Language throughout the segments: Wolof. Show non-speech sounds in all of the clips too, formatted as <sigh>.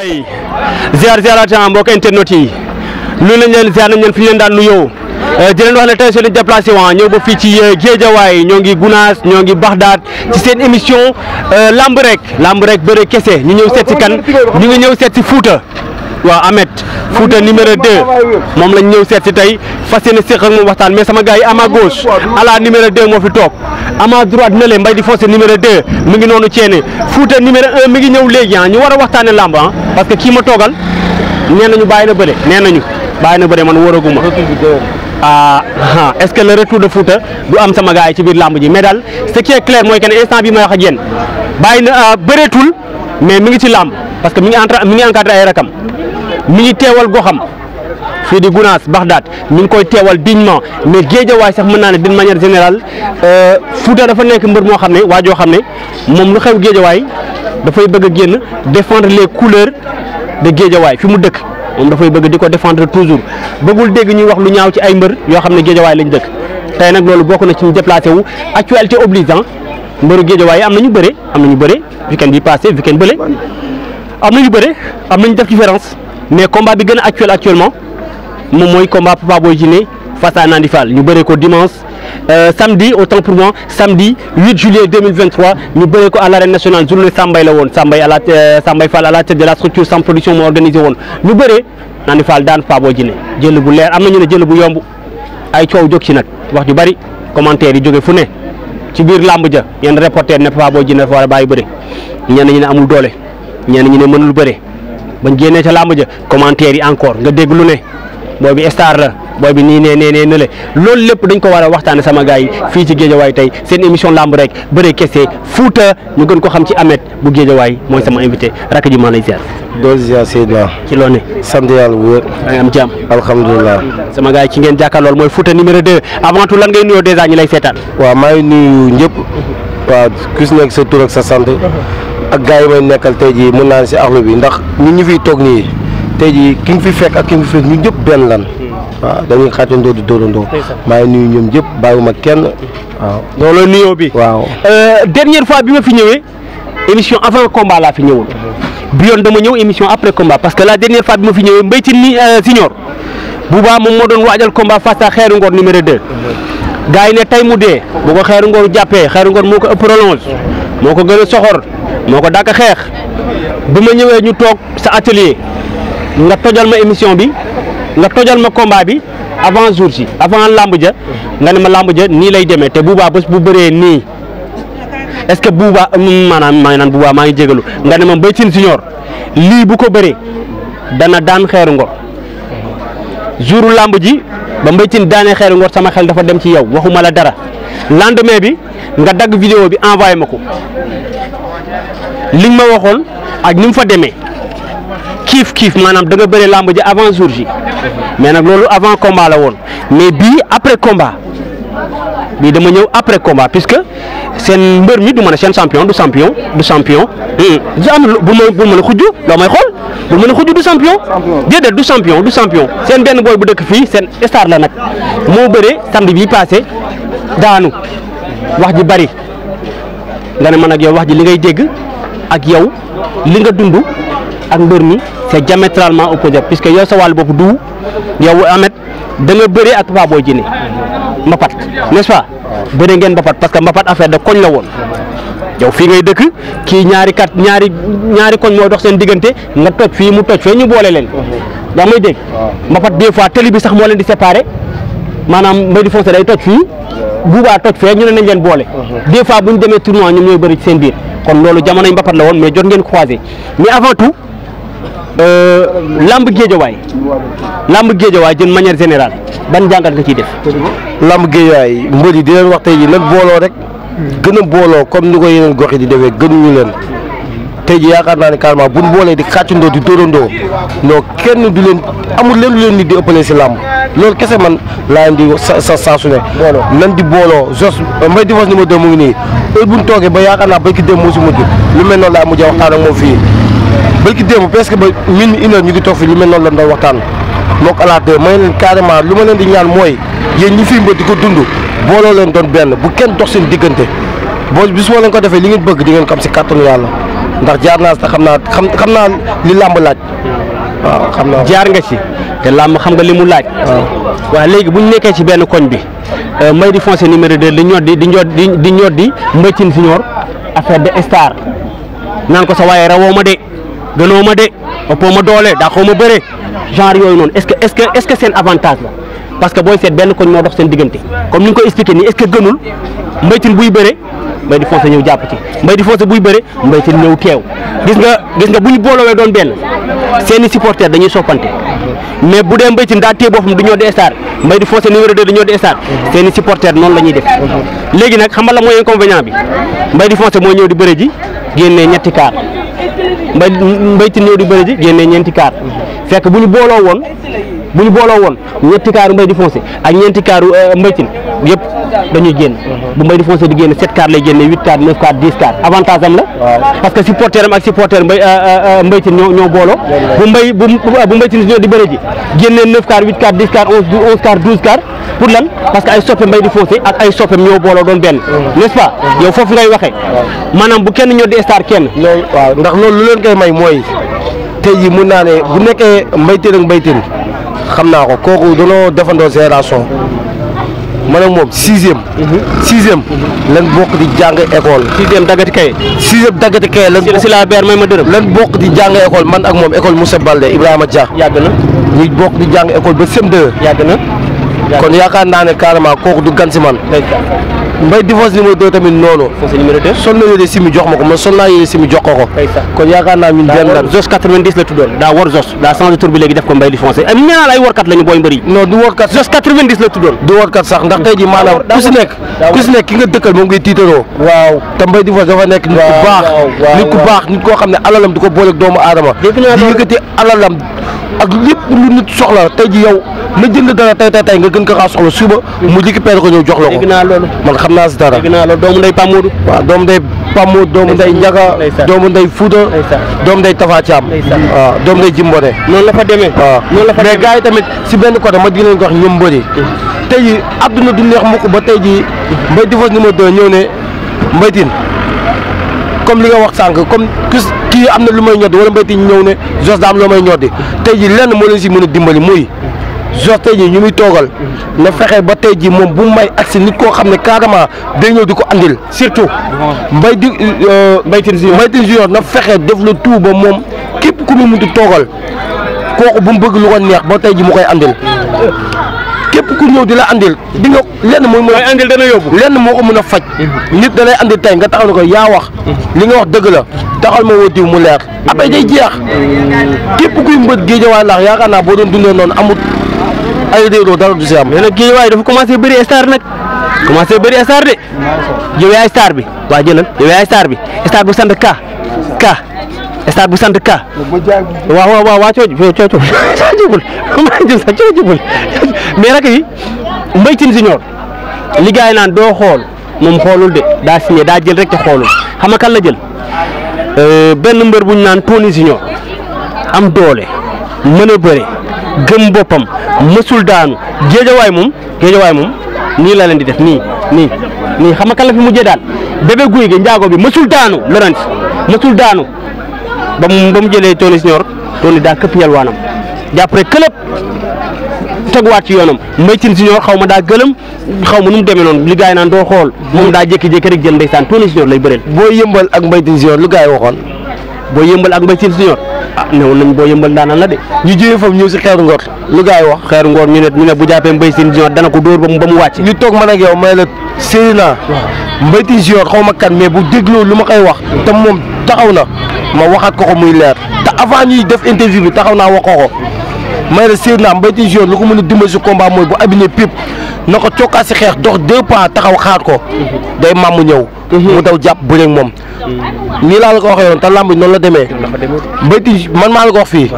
ay ziar ziaraat mbokk internet yi lu nañ leen ziar nañ leen fi ñu leen daan nuyoo eh, di leen wax ne tey soo leen ñëw ba fii ci eh, Géejawaay ñoo ngi Gunaas ñoo ngi Baxdaat ci seen émission eh, lamb rek lamb rek bëre kese ñu ñëw seet si kan ñu ngi ñëw seet si Fuuta waaw Ahmed Fouta numéro 2 moom lañ ñëw seet si tey fas yéene séq ak moom waxtaan mais sama gars yi ama gauche ala numéro de moo fi toog ama droite na leen mbay di fossé numéro de mi ngi noonu ceene Fouta numéro 1 mi ngi ñëw léegi ah ñu war a waxtaane làmb ah parce que kii ma toogal nee ñu bàyyi na bëre nee nañu bàyyi na bëre man wóoraguma ah, ah est-ce que le de Fouta du am sama gaa yi ci biir làmb ji mais daal ce qui mooy que ne instant bi may wax j bàyyi na ah, bëreetul mais mu ngi ci làmb parce que mi ngi entre mi ngi encadré ay rakam mi ngi teewal goxam fii di Gunaas Baxdaat mi ngi koy teewal dignement mais géejawaay sax mën naa ne d'une manière générale euh, Fouta dafa nekk mbër moo xam ne waa joo xam ne moom lu xew géejawaay dafay bëgg a génn défendre les couleurs de géejawaay fi mu dëkk moom dafay bëgg di ko défendre toujours bëggul dégg ñuy wax lu ñaaw ci ay mbër yoo xam ne géejawaay lañ dëkk tey nag loolu bokk na ci ñu déplacé wu actualité obligeant mbëru géejawaay am nañu bëre am nañu bëre weekend bi passé weekend bële am nañu bëre am nañu def différence mais combat bi gën actuel actuellement moom combat Papa Boy Djiné face à Nandi Fall ñu ko dimanche euh, samedi autant pour moi samedi 8 juillet 2023 ñu bëree ko à l'arène nationale journée Sambay la woon Sambay à la euh, Sambay Fall à la tête de la structure sans production organisée. organisé woon ñu bëree Nandi Fall daan Papa Boy Djiné jël bu leer am na ñu ne jël bu yomb ay coow jóg ci wax ju bari commentaire yi jóge fu ci biir làmb ja yenn reporter ne Papa Boy Djiné dafa war a bàyyi bëre ñenn ñi ne amul doole ñenn ñi ne mënul bëre bañ génnee ca làmb ja commentaire yi encore nga dégg lu ne booy bi star la booy bi nii nee nee nee na loolu lépp dañ ko war a waxtaane sama gars yi fii ci géejawaay tey seen émission lamb rek bëre kese fuuta ñu gën ko xam ci amet bu géejawaay mooy sama invité rakk ji maa lay ziar dool ziar ci loo ne sant yàlla bu am jàmm sama gars yi ngeen jàkkaarlool mooy fuuta numéro 2 avant tout lan ngay nuyoo dèjà ñi lay seetaan waa maa ngi nuyu ñëpp waaw ku si nekk sa tur ak sa sant ak gars may nekkal tey jii mën naa si axlu bi ndax ñun ñu fi toog nii tey jii ki fi fekk ak ki fi fekk ñu ñëpp benn lan waaw dañuy xàccandoo di dóorandoo maa ngi nuyu ñoom ñëpp bàyyiwuma kenn waaw loolu nuyoo bi waaw euh, dernière fois bi ma fi ñëwee émission avant combat laa fi ñëwoon bi yoon dama ñëw émission après combat parce que la dernière fois bi ma fi ñëwee Mbaye Tine ni euh, senior Bouba moom moo doon waajal combat face à Xeeru Ngor numéro de gars yi ne tey mu dee boo ko Xeeru Ngor jàppee Xeeru Ngor moo ko ëpp relance moo ko gën a soxor moo ko dàq xeex ma ñëwee ñu toog sa nga tojal ma émission bi nga tojal ma combat bi avant jour si avant làmb ja nga ne ma làmb ja nii lay demee te buubaa bés bu bëree nii est-ce que buubaa maanaam maa ngi naan buubaa maa ngi jégalu nga ne ma Mbaye Tine Junior lii bu ko bëree dana daan xeeru ngor jouru làmb ji ba Mbaye Tine daanee xeeru ngor sama xel dafa dem ci yow waxuma la dara lendemain bi nga dagg vidéo bi envoyé ma ko li nga ma waxoon ak ni mu fa demee kif kif manam da nga bëre lamb ji avant jour ji mais nak loolu avant combat la won mais bi après combat bi dama ñëw après combat puisque sen mbeur mi du ma sen champion du champion du champion. Hmm. du am bu ma bu ma la xujju loo may xol bu ma la xujju du champion. dédé du champion du champion sen benn boy bu dëkk fi sen star la nak mo bëre samedi bi passé daanu wax ji bari nga ne man ak yow wax ji li ngay dégg ak yow li nga dund. ak mbër mi c' est diamétralement opposé puisque sa wàllu bopp du yow Amet da nga bëri ak Papa Boy Djiné mbapat n' est ce pas bëri ngeen mbapat parce que mbapat affaire de koñ la woon yow fii ngay dëkk kii ñaari kat ñaari ñaari koñ moo dox seen diggante nga toj fii mu toj fee ñu boole leen yaa may dégg mbapat des fois tëli bi sax moo leen di séparé maanaam mbay di foncé day toj fii buubaa toj fee ñu ne nañ leen boole des fois bu ñu demee tournoi ñoom Euh, lamb géejawaay lamb géejawaay jën manière générale ban jàngat nga ci def. lamb géejawaay mbër yi di leen wax tey jii lan booloo rek. gën a booloo comme ni ko yeneen gox di defee gënuñu leen. tey jii yaakaar naa ne carrément buñ boolee di xàccandoo di dóorandoo non kenn du leen amul leen lu leen nit di ëppalee si làmb loolu kese man laa leen di sa sa saa su ne. nan di booloo jos euh, mbay di fas numéro 2 mu ngi nii heure bu toogee ba yaakaar naa béykat yi dem moo si mujj lu mel noonu laa mujj waxtaan ak moom fii. bërki démb presque ba min une heure ñu ngi toog fi lu mel noonu la doon waxtaan moo ko alaatee may leen carrément lu ma leen di ñaan mooy yéen ñi fi mbër di ko dund booloo leen doon benn bu kenn dox seen diggante boo bis moo leen ko defee li ngeen bëgg di ngeen ko am si kàttanu yàlla ndax jaar naa sax xam naa xam xam naa li làmb laaj waaw xam naa jaar nga ci te làmb xam nga li mu laaj waaw léegi bu ñu nekkee ci benn koñ bi euh, may di foncé numéro 2 di ñor di di ñor di di ñor di mbëccin si ñor affaire de star de gënoo ma de ëppoo ma doole daa xaw bëre genre yooyu noonu est-ce que est-ce que est seen avantage la parce que booy seet benn koñ moo dox seen diggante comme nu nga ko expliqué nii est-ce que gënul mbaytin buy bëre mbay di foncé ñëw jàpp ci mbay di foncé buy bëre mbaytin ñëw teew gis nga gis nga bu ñu boolowee doon benn seeni supporters dañuy soppante mais bu dee mbaytin daa téye boppam du ñoo di star mbay di foncé numéro 2 du ñoo di star la ñuy def léegi nag xam nga la mooy inconvénient bi mbay di foncé mooy ñëw di bëre ji génnee ñetti kaar mbay mbaytin ñëw di bëri ji génnee ñeenti kaar fekk bu ñu booloo woon bu ñu booloo woon ñetti kaaru mbay di foncé ak ñeenti kaaru euh, mbaytin yëpp dañuy génn mhm. bu mbay di foncé di génn sept cartes lay génne huit cartes neuf cartes dix cartes avantage am la parce que supporter ak supporter mbay euh, euh, mbaytin ñoo ñoo booloo bu mbay bu mbaytin di bëre ji génne neuf cartes huit cartes dix cartes onze cartes douze cartes pour lan parce que ay soppe mbay di foncé ak ay soppe ñoo booloo doon benn mhm. nest pas mhm. yow foofu ngay waxee maanaam bu kenn ñoo di star ndax loolu lu leen koy may mooy tey jii mun naa ne bu nekkee mbayteen ak mbayteen xam naa ko kooku danoo defandoo génération man ak moom sixième. Mhm. sixième lan bokk di jàng école. sixième daggati kay. sixième daggati kay la si laa beer may ma dërëm. lan bokk di jàng école man ak moom école Moussa Balde Ibrahima Dia. yàgg na ñuy bokk di jàng école ba sem 2 yàgg na kon yaakaar naa ne carrément kooku du gan si man. Mbaye Divorce numéro 2 tamit noonu. sol na yére simi jox ma ko man sol naa yére simi jox ko ko. kon yaakaar naa ñun benn la Zos 90 la tuddoon daa war Zos daa changé tur bi def ko Mbaye Divorce ay nee naa la ay warkat lañu booy mbëri. non du warkat Zos 90 la tuddoon. du warkat sax ndax tey jii maanaam ku si nekk ki nga dëkkal moom ngay tiitaroo. waaw te Mbaye Divorce dafa nekk nit ku baax nit ku xam ne alalam di ko booleeg doomu aadama di yëkkati alalam la jënd dara tey tey tey nga gën ko xaa soxla suba mu récupéré ko ñëw jox la ko dégg naa man xam naa si dara dégg naa loolu doomu ndey Pamoudou waaw doomu ndey Pamoudou doomu ndey Njaga doomu ndey Fouta doomu ndey Tafa Thiam waaw doomu ndey Jimbone noonu la fa demee waaw mais gars yi tamit si benn côté ma di leen ko wax ñoom mbëri mm. tey ji àdduna du neex mukk ba tey ji Mbaye Diouf numéro 2 ñëw ne Mbaye comme li nga wax sànq comme kis kii am na lu may ñoddi wala Mbaye Tine ñëw ne Zoss daa am lu may ñoddi tey ji lenn moo leen si mën a dimbali muy Georges tey jii ñu muy toogal na fexe ba tey jii moom bu may agsi nit koo xam ne carrément day ñëw di ko andil surtout mbay di euh, Mbaye Tine Junior Mbaye Tine Junior na fexe def la tout ba moom képp ku mu munti toogal kooku bu mu bëgg lu ko neex ba tey ji mu koy andil képp ku ñëw di la andil di nga lenn mooy mooy andil dana yóbbu lenn moo ko mën a faj mm-hmm. nit da lay andil tey nga taxaw na ko yaa wax mm-hmm. li nga wax dëgg la taxal ma woo diw mu leer mm-hmm. après day jeex képp kuy mbët géejawaay ndax yaakaar naa boo doon dundee noonu amut ay réeroo dara du si am mais nag waaye dafa commencé bëri star nag commencé bëri star de yow yaay star bi waa jëlal yow ay star bi star bu sant ka ka Está gustan dukka. Wa wa wa wacho wacho wacho bul. Manjul sacho wacho bul. Mais rek yi Mbaye Tine Junior liggéey naan doo xool moom xoolul de daa signé daa jël rek te xoolul xam nga kan la jël benn mbër bu ñu naan Tony Junior am doole mën a bëre gëm boppam mësul daanu géejawaay moom géejawaay moom nii la leen di def nii nii nii xam nga kan la fi mujjee daan bébé guy gi njaago bi mësul daanu Laurent mësul daanu. ba mu ba mu jëlee Tony Senior Tony daa këpp yalwaanam jàpp rek këlëb teguwaat ci yoonam Mbaye Tine Senior xaw ma daa gëlëm xaw ma nu mu demee noonu li gars yi naan doo xool moom daa jékki-jékki rek jël ndeysaan Tony Senior lay bëreel. boo yëmbal ak Mbaye Tine Senior lu gars yi waxoon boo yëmbal ak Mbaye Tine Senior ah néew nañ boo yëmbal daanaan la de ñu jëlee foofu ñëw si xeeru ngoor lu gars yi wax xeeru ngoor ñu ne ñu ne bu jàppee Mbaye Tine Senior dana ko dóor ba mu ba mu wàcc toog man ak yow may la séeri naa Mbaye xaw ma kan mais bu dégloo lu ma koy wax te moom taxaw na ma waxaat ko ko muy leer te avant ñuy def interview bi taxaw naa wax ko ko may la séer naa Mbaye Tine Junior lu ko mën a dimbali si combat mooy bu abine pip na ko cokkaat si xeex dox deux pas taxaw xaar ko day màmm ñëw mu daw jàpp bu ak moom nii laa la ko waxee yoon te làmb noonu la demee Mbaye Tine man maa la ko wax fii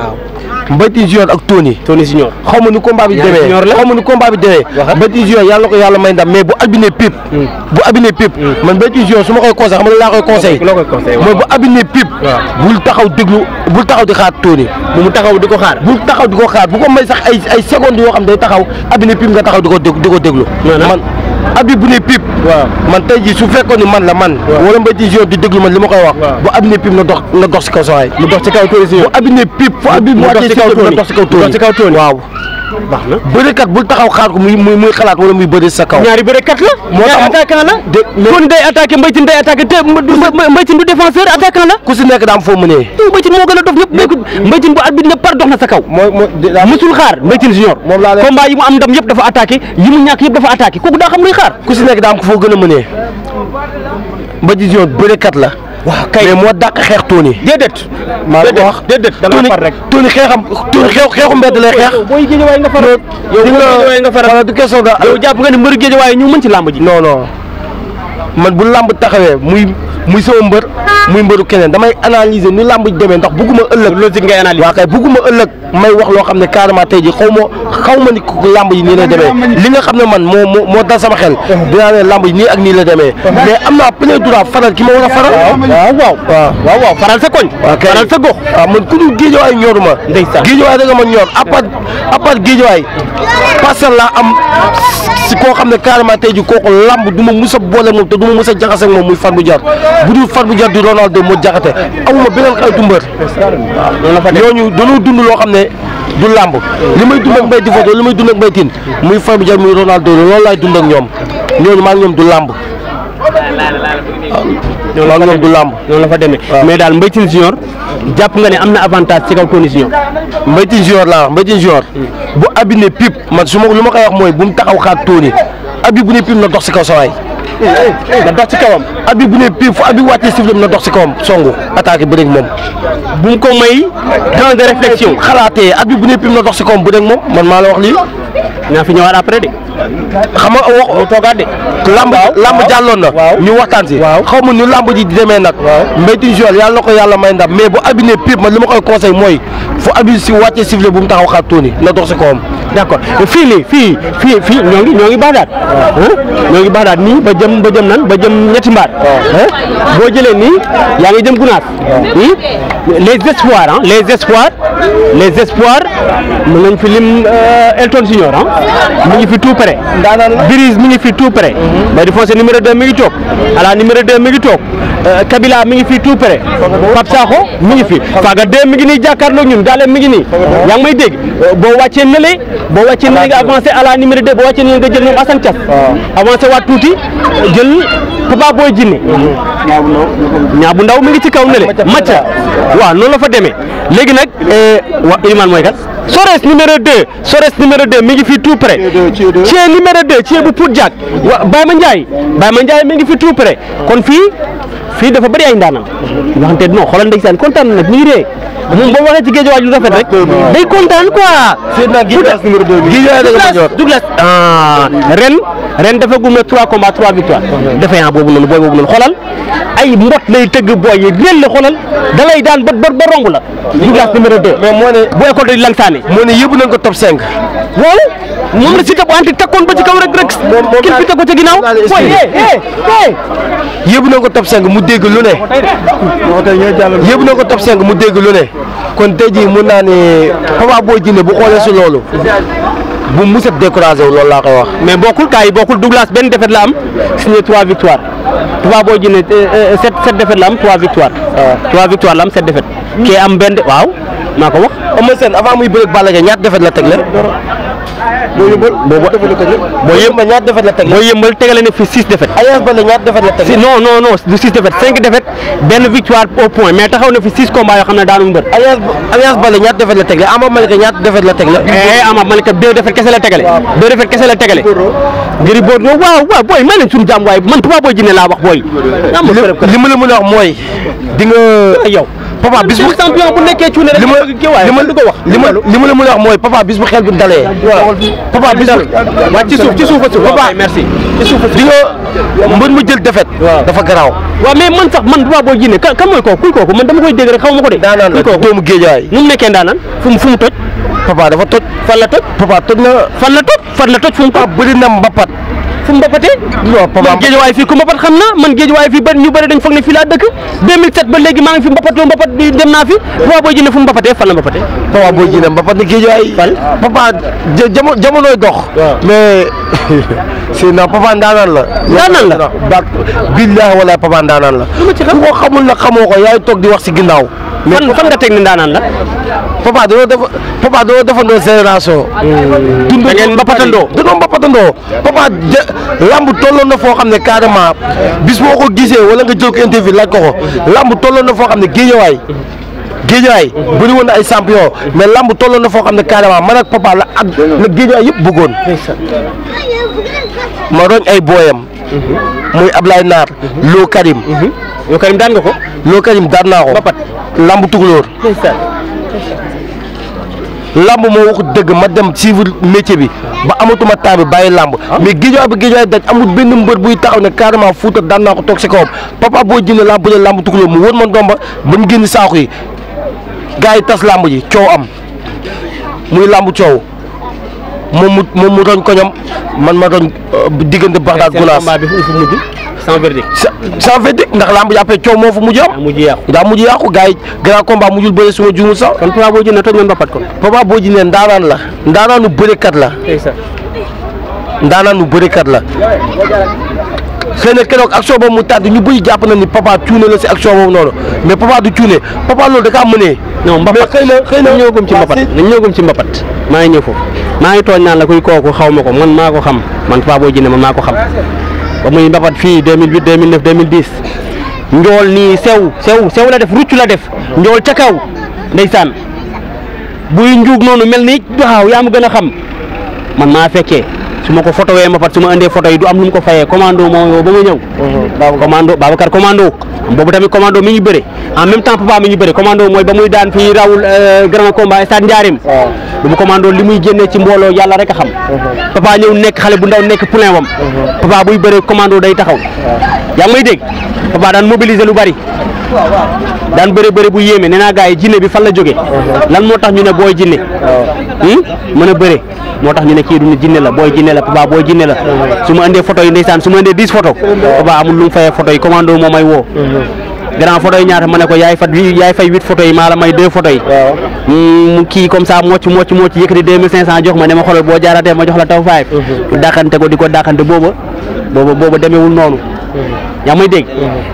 Mbayti Junior ak Tony. Tony Junior xaw ma combat bi demee xaw ma combat bi demee Mbayti Junior yalla ko yalla may ndam mais bu abiné pip hmm. bu abiné pip hmm. man Mbayti Junior suma ma koy conseil xam nga laa koy conseil mooy bu abiné pip bu taxaw déglu bu taxaw di xaar Tony bu mu taxaw diko xaar bu taxaw diko xaar bu ko may sax ay ay seconde yo xam day taxaw abiné pip nga taxaw diko ko di man abi bu ne pip man tey jii su fekkoon ni man la man wala Mbayti Junior di déglu man limako wax bu abi ne pip na dox na dox si kaw sawaay mu dox ci kaw bu abi ne pip fu abi mu wàccee ci kaw tool yi dox ci kaw tool waaw. baax na bul taxaw xaar ko muy muy xalaat wala muy bëri sa kaw. ñaari bërekat la. moo tax attaquant la. kon day attaqué Mbaye day attaqué te Mbaye du défenseur attaquant la. ku si nekk daa am foo mënee. Mbaye moo gën a dof ñëpp nekkul bu arbitre ne par dox na sa kaw. musul xaar Mbaye junior. moom laa yi mu am ndam yëpp dafa attaqué yi mu ñàkk yëpp dafa attaqué kooku daa xam luy xaar. ku si nekk daa am ko foo gën a mënee Mbaye Tine la waaw kay moo dàq xeex Tony. déedéet maa ngi wax déedéet da nga far rek Tony xeexam Tony xeexu xeexu mbedd lay xeex. booy géej waay nga faral yow booy géej waay nga yow jàpp nga ne mbëri géej waaye ñu mën ci làmb ji. non man bu lamb taxawé muy muy sama mbeur muy mbeuru keneen damay analyser ni lamb démé ndax bëgguma ëlëk ci ngay analyser wa kay bëgguma ëlëk may wax lo xamné karma tay ji xawma xawma ni ko lamb yi ni la démé li nga xamné man mo mo da sama xel dina né lamb yi ni ak ni la démé mais amna plein droit faral ki ma wara faral waaw waaw waaw faral sa koñ faral sa gox ah, man ku ñu gëjjo ay ñoruma ndeysan gëjjo ay da nga ma ñor apat apat gëjjo ay passal la am si ko xamné karma tay ji koku lamb duma musa bolé mom du ma mës ak moom muy Farba Diagne bu dul Farba Diagne di Ronaldo moo jaxate amuma beneen xaritu mbër ñooñu dañoo dund loo xam ne du làmb li may dund ak Mbaye Difoto li may dund ak muy Farba Diagne muy Ronaldo loolu laay dund ak ñoom ñooñu maa ñoom du làmb waaw loolu du làmb noonu la fa demee mais daal Mbaye Tine Junior jàpp nga ne am na avantage ci kaw Tony Junior Mbaye Tine Junior laa wax Mbaye Tine bu abi ne pip man su ma lu ma koy wax mooy bu mu taxaw xaat Tony abi bu ne pip na dox si kaw sawaay Eh, eh, nga dox ci kawam. at bi bu ne bii fu at bi na dox ci kawam songu attaqué bëreeg moom. bu mu ko may. temps de réflexion xalaatee at bi bu ne bii na dox ci kawam bëreeg moom man maa la wax lii. naa fi ñëwaat après de. xam nga wax mu toogaat de. lamb lamb jàlloon na. ñu waxtaan si. xaw ma ñu lamb ji di demee nag. waaw mbéytu Joal yàlla na ko yàlla may ndam mais bu abinee pipe man li ma koy conseil mooy fu abi si wàccee sifflet bu mu taxaw xaar tuuni na dox si kawam. d' accord fii nii fii fii fii ñoo ngi ñoo ngi baaxaat. ñoo ngi baaxaat nii ba jëm ba jëm nan ba jëm ñetti mbaat. boo jëlee nii yaa ngi jëm gunaat. les espoirs ah les espoirs les espoirs mën nañ fi lim euh, Elton Senior ah. mi ngi fi tout près Brise mi ngi fi tout près Mady mhm. Fossé numéro 2 mi ngi toog ala numéro 2 mi ngi toog euh, Kabila mi ngi fi tout près Pape Sakho mi ngi fi Faga 2 mi ngi nii jàkkaarloog ñun daale mi ngi nii yaa ngi may dégg euh, boo wàccee na le boo wàccee na nga avancé ala numéro 2 boo wàccee na nga jël ñoom Assane Thiass ah. avancé waat tuuti jël Papa Boy Djiné mhm. ñaa bu ndaw mi ngi ci kaw na le waa waaw noonu la fa demee léegi nag euh, wa Ilimane mooy kat Sores numéro 2 Sores numéro 2 mi ngi fi tout près Thié numéro 2 Thié bu Pout Diack wa Baye Ma Ndiaye Baye Ma Ndiaye mi ngi fi tout près kon fii fii dafa bëri ay ndaanaan waxante non xoolal ndeysaan kontaan na nag mi ngi ree moom boo waxee ci géej waaj lu rafet rek day kontaan quoi. Douglas ah. ren ren dafa gum na 3 combats 3 victoire dafay ah boobu noonu booy boobu noonu xoolal ay mbot lay tëgg booy yi ren la xoolal da lay daan ba ba romb la Douglas numéro 2. mais moo ne boo école di moo ne yëpp nañ ko top 5. waaw. moom la Siteu bu anti takkoon ba ci kaw rek rek. moom moom kilifite ko ca ginnaaw. na ko top 5 mu dégg lu ne. yéebu na ko top 5 mu dégg lu ne. kon tey jii mun naa ne Papa Boy Djiné bu xoolee si loolu. bu mu set découragé wu loolu laa koy wax. mais bokkul kaay bokkul doublage benn defet la am signé 3 victoires Papa Boy Djiné 7 7 défaite la am 3 victoires. waaw euh, 3 victoires la am 7 défaite. kii am benn waaw maa ko wax. Eumeu Sène avant muy bëreeg Balla Gaye ñaata la teg la. mooy yëmbal boobu defet la tëgle mooy yëmbal ñaata defet la tëgle mooy yëmbal tegale ne fi six defet Alliance Baldé ñaata defet la tëgle non non non du six defet cinq defet benn victoire au point mais taxaw na fi six combats yoo xam ne daanu mbër Alliance Baldé ñaata defet la tëgle Ama Malika ñaata defet la tëgle eh Ama Malika deux defet kese la tëgle deux defet kese la tëgle Gris Bordeaux waaw waaw booy may leen suñu jàmm waaye man Papa Boy Djiné laa wax booy li ma la mën a wax mooy di nga yow papa bis bu champion bu nekkee cuune rek li ma li ko wax li ma li ma la mën a wax mooy papa bis bu xel bi dalee papa bis bu waa ci suuf ci suuf a suuf papa merci ci suuf di nga mbër mu jël defet dafa garaaw waa mais man sax man papa boo jinne kan mooy kooku kuy kooku man dama koy dégg rek xaw ma ko de daanaan kuy kooku doomu géejawaay nu mu nekkee daanaan fu mu fu mu toj papa dafa toj fan la toj papa toj na fan la toj fan la toj fu mu toj bëri na mbapat fu mbapatee man géejawaay fii ku mbapat xam na man géejawaay fii ba ba léegi maa ngi fi mbapat yoo mbapat dem papa booy si na papa ndaanaan la ndaanaan la ba billaah wala papa ndaanaan la ku ko xamul nag xamoo ko yaay toog di wax si ginnaaw fan fan nga teg ni ndaanaan la papa dañoo def papa dañoo defandoo génération mm. dund da ngeen mbapatandoo papa lamb tolloon na foo xam ne carrément bis boo ko gisee wala nga jël ko interview laaj ko ko tolloon na foo xam ne géejawaay géejawaay bëri woon na ay champion mais lamb tolloon na foo xam ne carrément man ak papa la ak la géejawaay yëpp bëggoon ma roñ ay booyam muy Ablaye Naar Loo Karim Loo Karim daan nga ko Loo Karim daan naa ko lamb tukulóor làmb moo wax dëgg ma dem suivre métier bi ba amatuma temps bi bàyyi làmb ah. mais géejawaay bi géejawaay daj amul benn mbër buy taxaw ne carrément Fouta daan naa ko toog si kawam papa boo jëndee lamb bu ne lamb tukuloo mu wër ma ndomba ba mu génn saako yi gars yi tas làmb ji coow am muy lamb coow moom mu moom mu roñ koñam man ma roñ euh, diggante Baxdaad Gulaas sans verdict ndax verdict ndax lamb jàppee coow moo fa mujj am daa mujj yàqu gars yi grand combat mujjul bëri suma juumul sax kon Papa Boy Djiné toj na mbapat ko Papa Boy Djiné ndaanaan la ndaanaanu bërekat la ndaanaanu bërekat la xëy na keroog action boobu mu tàdd ñu bëri jàpp na ni papa cuune la si action boobu noonu mais papa du cuune papa loolu da kaa mënee. non mbapat xëy na xëy na ñoo ci mbapat nañ ñoo gëm ci mbapat maa ngi ñëw foofu maa ngi tooñ naan la kuy kooku xaw ma ko man maa ko xam man Papa Boy Djiné ma ko xam. ba muy mbapat fii 2008 2009 2010 njool ni sew sew sew la def rucc la def njool ca kaw ndeysaan buy njuug noonu mel ni waaw yaa mu gën a xam man maa fekkee su ma ko photowee ma fat su ma andee photo yi du am lu mu ko fayee commando moom yow ba ma ñëw mhm. commando Babacar commando boobu tamit commando mi ngi bëre en même temps papa mi ngi bëre commando mooy ba muy daan fii rawul euh, grand combat stade Ndiarème du li muy génnee ci mbooloo yàlla rek a xam mhm. papa ñëw nekk xale bu ndaw nekk poulain wam mhm. papa buy bëre commando day taxaw yaa ngi may dégg papa daan mobiliser lu bari daan bëri bëri bu yéeme ne naa gars yi jinne bi fan la jóge lan moo tax ñu ne booy jinne hmm? mën a bëre moo tax ñu ne kii du ne jinne la booy jinne la papa booy la su ma indee photo yi ndeysaan su ma indee dix photo papa amul lu mu fayee photo yi commando moo may woo hmm. grand photo yi ñaata ma ne ko yaay fat yaay fay huit photo yi maa la may deux photo yi mu hmm, kii comme ça mocc mocc mocc yëkkati deux mille cinq cent jox ma ne ma xoolal boo jaaratee ma jox la taw five dàqante ko di ko dàqante booba booba booba demeewul noonu yaa may dégg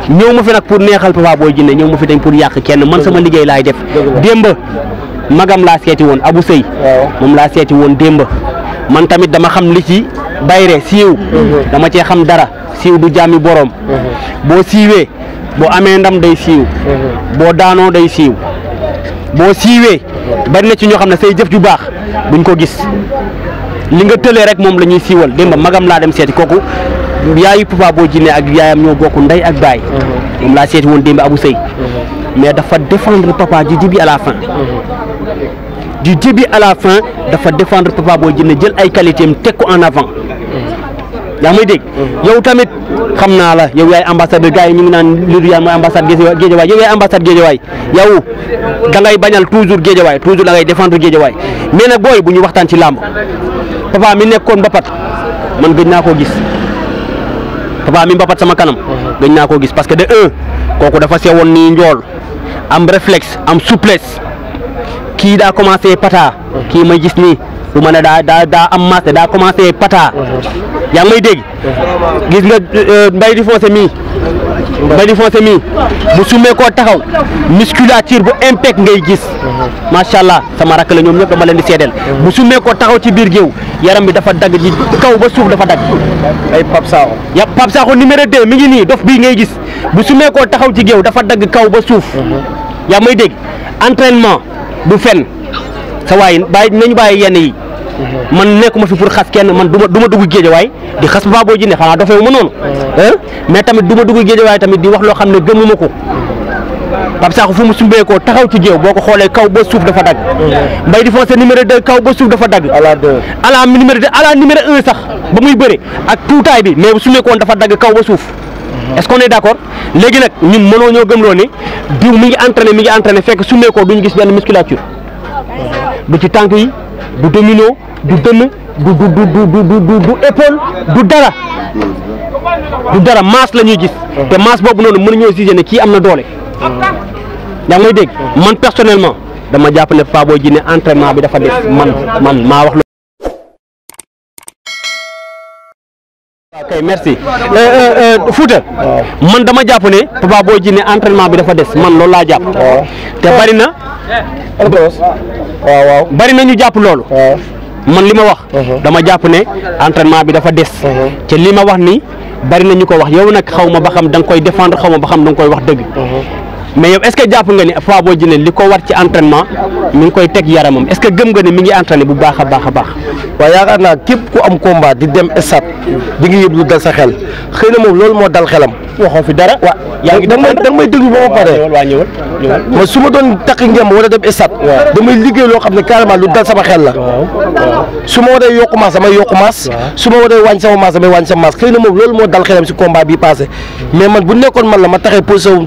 ñëw ma fi nag pour neexal Papa Boy Djiné ñëw ma fi dañ pour yàq kenn man sama liggéey laay def démb magam laa seeti woon abu Sey moom laa seeti woon démb man tamit dama xam li ci bayre siiw dama cee xam dara siiw du jàmmi boroom boo siiwee boo amee ndam day siiw boo daanoo day siiw boo siiwee bari ci ñoo xam ne say jëf ju baax duñ ko gis li nga tëlee rek moom la ñuy siiwal démb magam laa dem seeti kooku yaayu Papa boo Djiné ak yaayam ñoo bokk ndey ak baay uh-huh. moom laa seeti woon démb Abou Seye uh-huh. mais dafa défendre papa ji début à la fin uh-huh. du début à la fin dafa défendre Papa boo Djiné jël ay qualité am teg ko en avant yaa may dégg yow tamit xam naa la yow yaay ambassadeur gars yi ñu ngi naan Lirou Diane mooy ambassade Guédiawaye yow yaay ambassade Guédiawaye yow da ngay bañal toujours Guédiawaye toujours da ngay défendre Guédiawaye nag booy bu ñu waxtaan ci làmb papa mi nekkoon ba pat man gëj naa koo gis Moustapha mi mbapat sama kanam gëj naa koo gis parce que de un kooku dafa sewoon nii njool am réflexe am souplesse kii daa commencé pata kii may gis nii du ma ne daa daa daa am masse daa commencé pata mhm. yaa may dégg mhm. gis nga euh, mbay di foncé mii Mbagnick Fonce mii bu sumee koo taxaw musculature bu impec ngay gis macha allah sama rakk la ñoom ñëpp dama leen di seedeel bu sumee koo taxaw ci biir géew yaram bi dafa dagg ji kaw ba suuf dafa dagg ay Pape Sakho ya Pape Sakho numéro mi ngi nii dof bii ngay gis bu sumee koo taxaw ci géew dafa dagg kaw ba suuf mhm. yaa may dégg entraînement bu fen sa waay bàyyi nañu bàyyi yenn yi man nekkuma fi pour xas kenn man du ma du ma dugg géejawaay di xas boo Djinné xanaa dofewu ma noonu mais tamit du ma dugg géejawaay tamit di wax loo xam ne gëmuma ko Pape Sakho fu mu sumbee ko taxaw ci jéew boo ko xoolee kaw ba suuf dafa dagg Mbaye di Fonse numéro de kaw ba suuf dafa dagg ala numéro 2 ala numéro 1 sax ba muy bëri ak tuutaay bi mais bu sumbee dafa dagg kaw ba suuf mhm. est-ce qu'on est d'accord léegi nag ñun mënoo ñoo gëmloo ne diw mi ngi entraîné mi ngi entraîné fekk summee ko duñu gis benn du ci tànk yi du domino du dënn du du du du épaule du dara du dara masse la ñuy gis te masse boobu noonu mën ñoo gisee ne kii am na doole yaa ngi may dégg man personnellement dama jàpp ne Faa Boy Djiné entraînement bi dafa des man maa wax ok merci euh, euh, euh, Fouta. man dama jàpp ne Papa boo Djiné entraînement bi dafa des man loolu laa jàpp. te bari na. waaw bari na ñu jàpp loolu. man li ma wax. Mhm. dama jàpp ne entraînement bi dafa des. Mhm. te li ma wax nii bari na ñu ko wax yow nag xaw ma ba xam danga koy defender xaw ma ba xam da nga koy wax dëgg. Mhm. mais yow est ce que japp nga ni Fa bo jine liko ko war ci entraînement mi ngi koy tek yaramam est ce que gem nga ni mi ngi entraîner bu baakha baakha baax wa baax. waaw ku am combat di dem estat di ngi yeb lu dal sa xel xeyna mom lol mo dal xelam. waxo fi dara. wa yaa ngi da nga may déglu ba ma paré wa ñewal ñëwal ma suma don doon ngem wala dem estat waaw damay liggéey loo carrément lu dal sama xel la. suma waaw yokku mas damay yokku maas. sama maas sama mas xeyna mom lol mo dal xelam ci combat bi passé mais man bu nekkon man la ma taxé position bu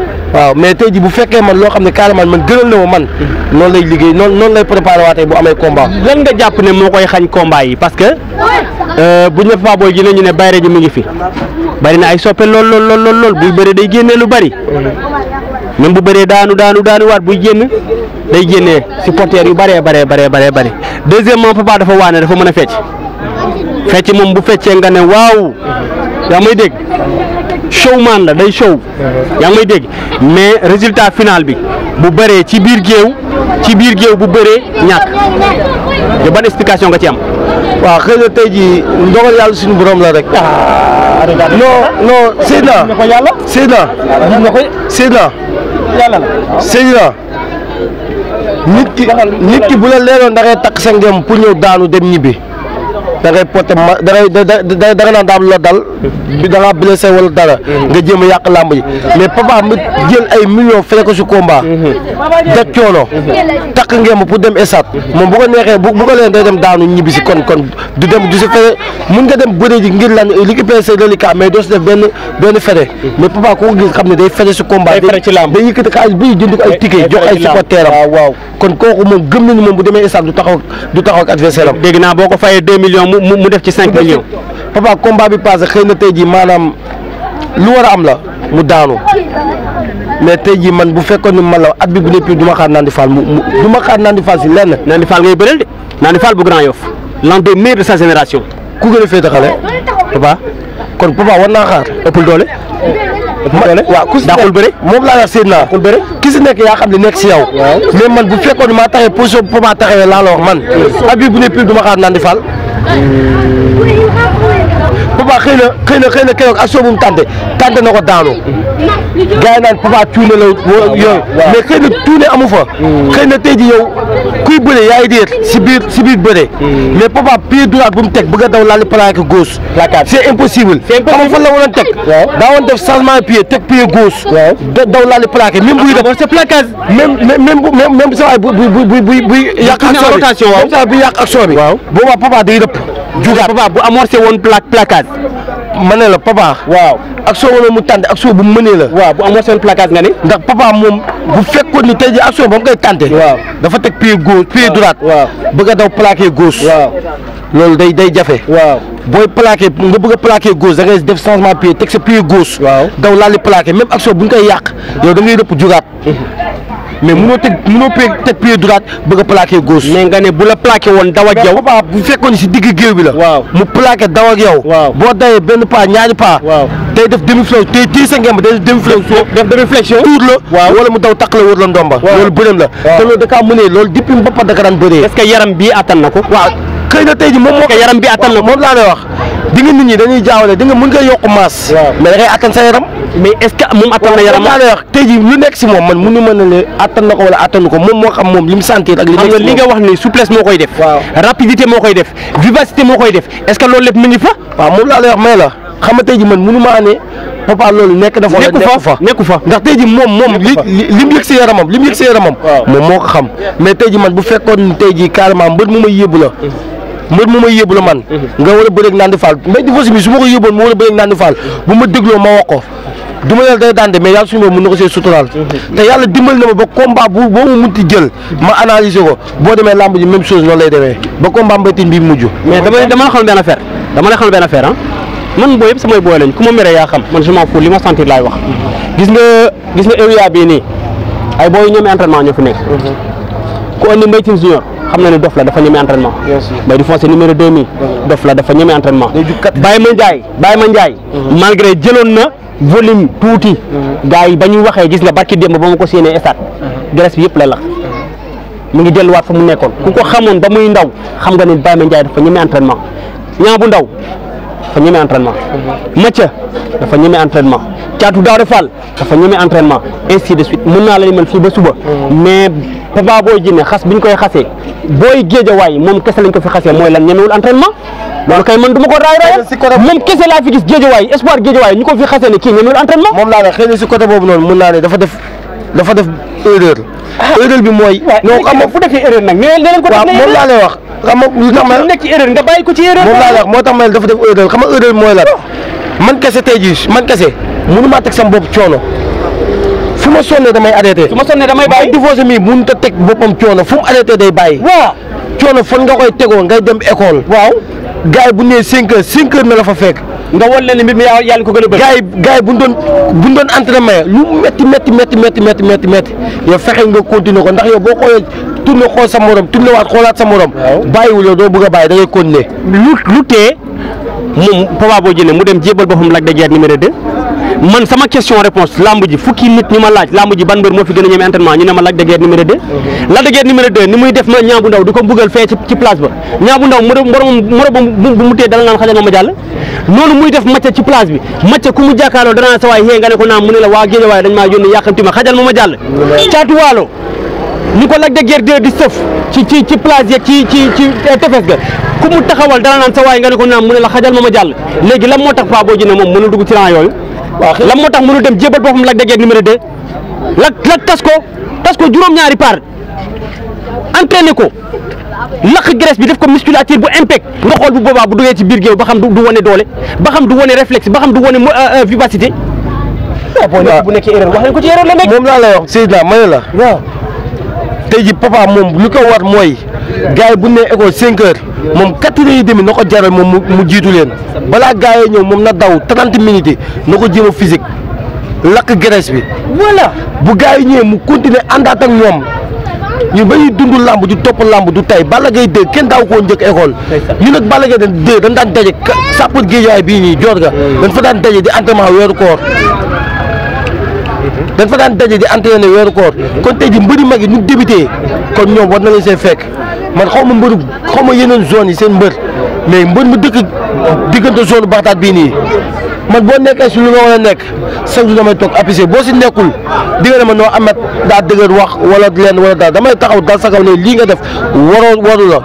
waaw mais tey ji bu fekkee man loo xam ne carrément man gënal na ma man noonu lay liggéey noonu noonu a préparé waatee bu amee combat lan nga jàpp ne moo koy xañ combat yi parce que euh, bu ñu ne Papa Boy Djiné ñu ne Bayre ji mu ngi fi bari na ay soppe lool lool lool lool lool buy bëree day génnee lu bari même bu bëree daanu daanu daanu waat buy génn day génnee supporters yu bëree bëree bëree bëree bëri deuxièmement Papa dafa waane dafa mën a fecc fecc moom bu feccee nga ne waaw yaa dégg showman la day show yaa ngi may dégg mais résultat final bi bu baree ci biir géew ci biir géew bu bëree ñàkk yow ban explication nga ci am. waaw xëy na tey jii ndogal yàlla suñu borom la rek. Ah, non non Seydina Seydina Seydina Seydina nit ki nit ki bu la leeroon da takk sa ngëm pour ñëw daanu dem ñibbi. da ngay porté ma da ngay da da da naan daam la dal bi da ngaa dara nga jéem a yàq làmb ji <laughs> mais papa mi jël ay millions fay ko si combat da <laughs> coono <laughs> takk ngeem pour dem esat moom bu ko ko leen day dem daanu ñibbi si kon kon du dem du si fere nga dem bëri ji ngir lan récupérer ses reliquats mais doo si def benn benn fere mais papa ko gis xam ne day fere si combat ay ticket jox ay supporter kon kooku moom gëm nañu moom bu demee esat du taxaw du taxaw ak adversaire am dégg naa boo ko fayee deux millions mu mu def ci 5 millions. papa combat bi passé xeyna na tey jii lu wara am la mu daanu mais tey jii man bu fekkoon ni man la at bi bu nekk du xaar Nandi Fall duma mu xaar Nandi Fall ci lenn. Nandi Fall ngay beurel de Nandi Fall bu Grand yof l'un des meilleurs de sa génération. ku gën a féete papa kon papa war naa xaar ëppul doole. ma waaw ku si dàqul bëre moom laa la séen naa dàqul bëre ki si nekk yaa xam ne nekk si yow. mais man bu fekkoon ne maa taxee position bu papa taxawee laa la wax man. at bi bu nekk du ma xaar Nandi Fall. 干啥？Papa xëy na xëy na xëy na keroog action bu mu tànte tànte na ko daanu gars yi naan Papa tuune la ah, yooyu mais xëy na tuune amu fa hmm. xëy na ji yow kuy bëre yaay déet ci biir ci biir bëre hmm. mais Papa pied droit bu mu teg bëgg a daw laali plaqué gauche c'est impossible xam fa la waroon tek daa woon def changement pied tek pied gauche daw laali plaqué même buy ah, def c'est plaquage même même même sa waay bu bu buy yàq action bi bu yàq action bi boobaa Papa day rëpp jugaat Papa bu amorcé won plaqué ak placage ma ne la papa. waaw ak soo mu tànte ak soo bu mënee la. waaw bu amoo seen placage nga ni. ndax papa moom bu fekkoon ni tey jii action ba mu koy tànte. dafa teg pied gauche pied droite. waaw bëgg a daw plaqué gauche. loolu day day jafe. waaw booy plaqué nga bëgg a goos gauche da def changement pied teg sa pied gauche. waaw daw laali plaqué même action bu ñu koy yàq yow da rëpp jugaat. Mhm. mais munoo teg teg pied droite bëgg a plaqué gauche. mais nga ne bu la plaqué woon daw ak yow. bu fekkoon si digg géew bi la. waaw mu plaqué daw ak yow. waaw benn pas ñaari pas. waaw tey def demi flexion tey tii sa ngemb day def demi flexion. def demi flexion tuur la. waaw wala mu daw takk la wër la ndomba. waaw loolu bëreem la. waaw te loolu da kaa mënee loolu depuis mu boppam da ka bëree. yaram bii attan na ko. waaw xëy tey jii moom moo yaram bi attan na moom laa lay wax. di nga nit ñi dañuy jaawale di nga mën nga yok mass mais ngay atane sa yaram mais est ce que mom atane na yaram la ji lu nek ci mom man mënu mëna le atane nako wala atane ko mom mo xam mom li mu sentir ak li nga li nga wax ni souplesse mo koy def rapidité mo koy def vivacité mo koy def est ce que loolu lepp mi ngi fa wa mom la lay wax may la xam nga ji man mënu ma ne papa loolu nek dafa nek fa nek fa ndax tay ji mom mom li yek ci yaramam li yek ci yaramam mom moko xam mais tay ji man bu fekkone tay ji carrément mbeut mu may yebula mbër mu may yóbbu man mhm. nga war a bëreeg naan di faal mbéy di fasi bi su ma ko yóbboon mu war a bëreeg naan di faal bu ma dégloo ma wax ko du ma leen day daan de mais yàlla suñu mën na ko see mhm. boo mu munti jël ma analyser ko boo demee làmb bi mujj dama dama la xamal benn affaire dama la xamal ah. boo yëpp samay booy lañ xam man je m'en li ma sentir laay wax gis nga gis nga area bii nii ay booy ñoomee entraînement ñoo fi nekk mhm. ku andi mbaytin junior xam na ne dof la dafa ñeme entraînement Mbaye du foncé numéro 2000 dof la dafa ñeme entraînement Baye ma Ndiaye Baye ma Ndiaye mhm. malgré jëloon na volume tuuti mhm. gars yi ba ñuy waxee gis nga barki démb ba mu ko séenee stade mhm. graisse bi yëpp la lax mu ngi delluwaat fa mu nekkoon ku ko xamoon ba muy ndaw xam nga ne Baye ma Ndiaye dafa ñeme entraînement ñaa bu ndaw dafa ñeme entraînement. Mathia dafa ñeme entraînement Thiatou Daouda Fall dafa ñeme entraînement ainsi de suite mën naa la limal fii ba suba. mais Papa Boy Djiné xas bi ñu koy xasee booy géejawaay moom kese lañ ko fi xasee mooy lan ñemewul entraînement. loolu kay man du ko raay raayal moom kese laa fi gis géejawaay espoir géejawaay ñu ko fi xasee ne kii ñemewul entraînement. moom laa ne xëy si côté boobu noonu mën naa ne dafa def. dafa def erreur. Ah. erreur bi mooy. non xam nga bu defee erreur nag mais leneen ko def. waaw moom laa lay wax. xam nga lu tax ma nekk ci erreur bàyyi ko ci erreur. moom wax moo tax ma dafa def erreur xam nga erreur bi mooy lan man kese tey jii man kese mënu maa teg sama bopp coono fu ma ne damay arrêté. su ma sonnee damay bàyyi. divorcé mi mënut a teg boppam coono fu mu arrêté day bàyyi. coono fan nga koy tegoo ngay dem école. waaw gars bu nee cinq heures cinq heures na la fa fekk. nga wan leen ni mbir mi yaa yàlla ko gën a bëri. gars yi bu ñu doon bu ñu doon lu metti métti métti métti métti métti métti yow fexe nga continuer ko ndax yow boo xoolee tourné xool sa morom tourné waat xoolaat sa morom. waaw bàyyiwul yow doo bëgg a bàyyi da ngay continuer. lu lu tee moom Papa Boy Djiné mu dem jébal boppam Lac de Guiers numéro 2. man sama question réponse lamb ji fukki nit ñi ma laaj lamb ji ban mbër moo fi gën a ñeme entraînement ñu ne ma Lac de Guiers numéro 2 Lac de Guiers numéro 2 ni muy def ma ñaabu ndaw di ko buggal fee ci place ba ñaabu ndaw moro moro bu mu tee dala naan xale ma ma jàll noonu muy def macca ci place bi macca ku mu jàkkaarloo danaa de Guiers ci ci ci place ci ci ci tefes ga ku mu taxawal dana naan sa waay nga ne ko naam mu ne la xajal ma ma jàll léegi lan moo tax Paa Boy moom mënul dugg ci rang yooyu lan moo tax mënu dem jébal boppam Lac de Guiers numéro de Lac Lac tas ko tas ko juróom-ñaari paar entraîné ko lakk graisse bi def ko musculature bu impec nga xool bu boobaa bu duggee ci biir géew ba xam du wane doole ba xam du wane réflexe ba xam du wane euh, euh, vivacité. waaw boo bu nekkee wax nañ ko ci erreur la nekk. moom laa lay wax ma la. tey papa mom lu ko war moy gaay bu ne école 5h mom 4h demi na jaral mom mu jitu len bala gaay ñew mom na daw 30 minutes yi jema physique lak graisse bi wala bu gaay ñew mu continuer andat ak ñom ñu ba dundu lamb làmb top lamb du tay bala Gaye de ken daw ko njëkk école ñu nak bala Gaye de dañ daan sapu gi yaay bi ni jor ga dañ fa daan dajé di entraînement wër koor dañ fa daan daje di entraîné weeru koor kon tey ji mbëri mag yi nu débuté kon ñoom war na leen see fekk man xaw ma mbëru xaw ma yeneen zone yi seen mbër mais mbër mu dëkk diggante zone baxtaat bii nii man boo nekkee si lu nga war a nekk chaque damay toog appuyé boo si nekkul di ma noo amat daa dëgër wax wala leen wala daal damay taxaw dal sa kaw ne lii nga def waroo waru la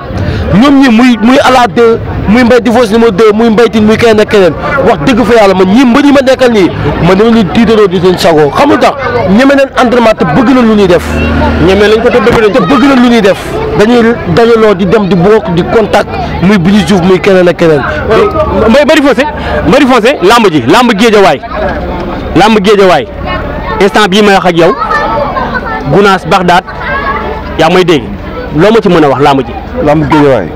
ñoom ñi muy muy ala deux muy mbay divorce numéro deux muy mbaytin muy keneen ak keneen wax dëgg fa yàlla man ñi mbëri ma nekkal nii man dama leen tiitaroo di seen sagoo xam nga tax ñeme nañ entraînement te bëgg na lu ñuy def ñeme nañ ko te bëgg nañ te bëgg na lu ñuy def dañuy dajaloo di dem di bokk di contact muy bi ñu juuf muy keneen ak keneen mbay mbëri foncé mbëri foncé lamb ji lamb géejawaay lamb géejawaay instant bii may wax ak yow gunaas baxdaat yaa may dégg loo ma ci mën a wax lamb ji lamb géejawaay